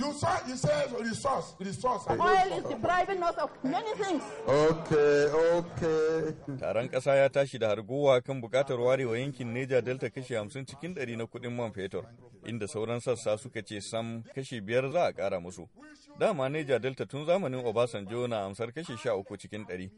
You saw you said resource, resource. Oil is depriving us of many things. Okay, okay. Taron ƙasa ya tashi da hargowa kan buƙatar warewa yankin Neja Delta kashi hamsin cikin ɗari na kuɗin man fetur, inda sauran sassa suka ce sam kashi biyar za a ƙara musu. Dama Neja Delta tun zamanin Obasanjo na amsar kashi sha uku cikin ɗari.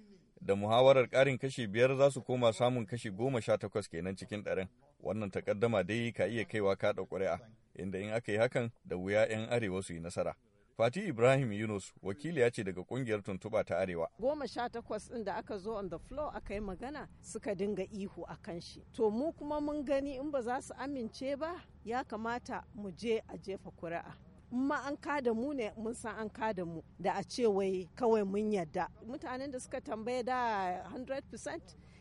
da muhawarar ƙarin kashi biyar za su koma samun kashi goma sha takwas kenan cikin ɗarin wannan takaddama dai ka iya kaiwa kaɗa ƙuri'a inda in aka yi hakan da wuya 'yan arewa su yi nasara. Fati Ibrahim Yunus wakiliya ce daga kungiyar tuntuba ta Arewa. Goma sha takwas ɗin da aka zo on the floor aka yi magana suka dinga ihu a kan shi. To mu kuma mun gani in ba za su amince ba ya kamata mu je a jefa kuri'a. ma an da mu ne mun san an da mu da a ce wai kawai mun yadda mutanen da suka tambaye da 100%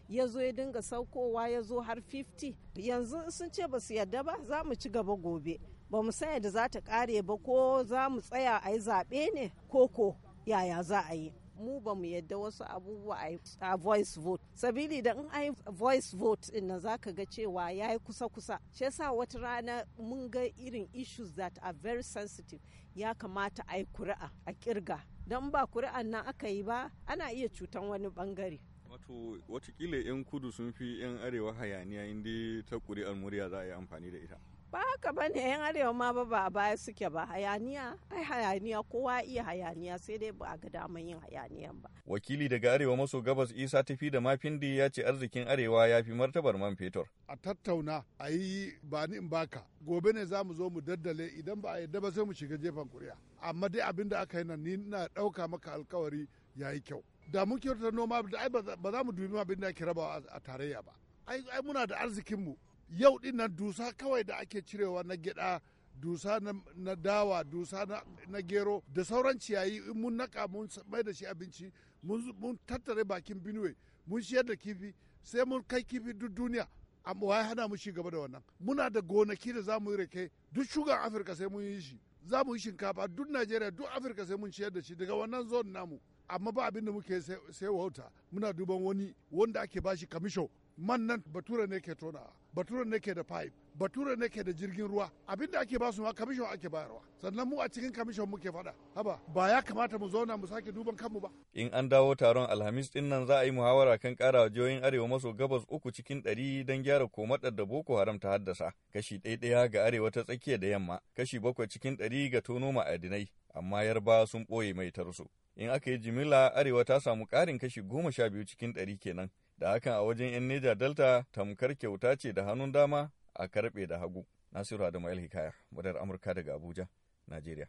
ya zo ya dinga saukowa ya zo har 50 yanzu sun ce ba su yadda ba za mu ci gaba gobe ba mu san yadda za ta kare ba ko za mu tsaya a yi zaɓe ne ko ko yaya za a yi mu ba mu yadda wasu abubuwa a voice vote sabili da in ai voice vote din na zaka ga cewa yayi kusa kusa shi yasa wata rana mun ga irin issues that are very sensitive ya kamata ai kuri'a a kirga don ba kuri'an nan aka yi ba ana iya cutan wani bangare wato watakila 'yan kudu sun fi 'yan arewa hayaniya inda ta kuri'ar murya za a yi amfani da ita ba haka ba ne yan arewa ma ba ba baya suke ba hayaniya ai hayaniya kowa iya hayaniya sai dai ba a ga daman yin hayaniya. ba wakili daga arewa maso gabas isa tafi da mafindi ya ce arzikin arewa ya fi martabar man fetur a tattauna a yi ba ni in baka gobe ne za mu zo mu daddale idan ba a yadda ba sai mu shiga jefan kuri'a amma dai abin da aka yi nan ni na ɗauka maka alkawari ya yi kyau da mun kyautar noma ba za mu dubi abin da ake rabawa a tarayya ba ai muna da arzikin mu. yau din nan dusa kawai da ake cirewa na gida dusa na dawa dusa na gero da sauran ciyayi in mun naka mun mai da shi abinci mun tattare bakin binuwe mun shiyar da kifi sai mun kai kifi duk duniya amma wai hana mu gaba da wannan muna da gonaki da za mu yi rake duk shugan afirka sai mun yi shi za mu yi shinkafa duk najeriya duk afirka sai mun ciyar da shi daga wannan zon namu amma ba abin da muke sai wauta muna duban wani wanda ake bashi kamisho man nan bature ne ke tona bature ne ke da pipe bature ne ke da jirgin ruwa abinda ake ba su ma kamishon ake bayarwa sannan mu a cikin kamishon muke fada haba ba ya kamata mu zauna mu sake duban kanmu ba in an dawo taron alhamis din nan za a yi muhawara kan ƙara jihohin arewa maso gabas uku cikin ɗari don gyara komadar da boko haram ta haddasa kashi ɗaya ɗaya ga arewa ta tsakiya da yamma kashi bakwai cikin ɗari ga tono ma'adinai amma yarba sun ɓoye mai tarso in aka yi jimila arewa ta samu ƙarin kashi goma sha biyu cikin ɗari kenan da hakan a wajen 'yan Neja Delta tamkar kyauta ce da hannun dama a karbe da hagu. Nasiru Adamu El Hikaya, madar Amurka daga Abuja, Najeriya.